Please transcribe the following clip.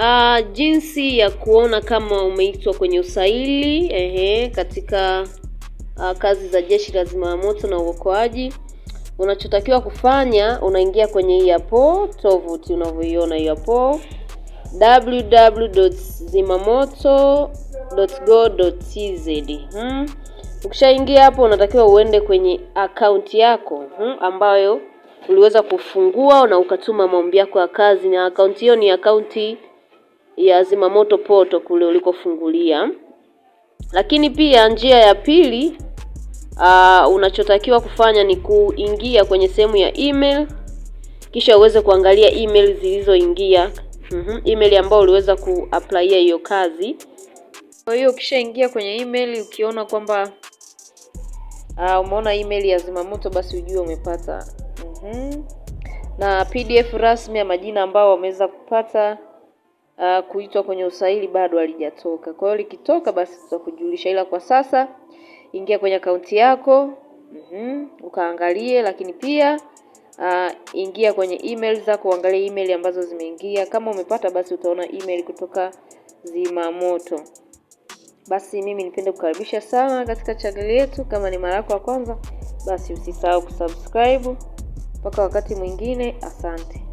Uh, jinsi ya kuona kama umeitwa kwenye usaili ehe, katika uh, kazi za jeshi la zimamoto na uokoaji. Unachotakiwa kufanya unaingia kwenye hii hapo tovuti unavyoiona hii hapo www.zimamoto.go.tz. Hmm. Ukishaingia hapo unatakiwa uende kwenye akaunti yako hmm, ambayo uliweza kufungua na ukatuma maombi yako ya kazi, na akaunti hiyo ni akaunti ya zimamoto poto kule ulikofungulia. Lakini pia njia ya pili uh, unachotakiwa kufanya ni kuingia kwenye sehemu ya email kisha uweze kuangalia email zilizoingia, mm -hmm, email ambayo uliweza kuapplya hiyo kazi. Kwa hiyo ukishaingia kwenye email ukiona kwamba uh, umeona email ya zimamoto, basi ujue umepata mm -hmm, na PDF rasmi ya majina ambao wameweza kupata uh, kuitwa kwenye usaili bado halijatoka. Kwa hiyo likitoka, basi tutakujulisha, ila kwa sasa ingia kwenye akaunti yako mm-hmm, ukaangalie, lakini pia uh, ingia kwenye email zako uangalie email ambazo zimeingia. Kama umepata basi utaona email kutoka Zimamoto. Basi mimi nipende kukaribisha sana katika chaneli yetu. Kama ni mara yako ya kwanza, basi usisahau kusubscribe. Mpaka wakati mwingine, asante.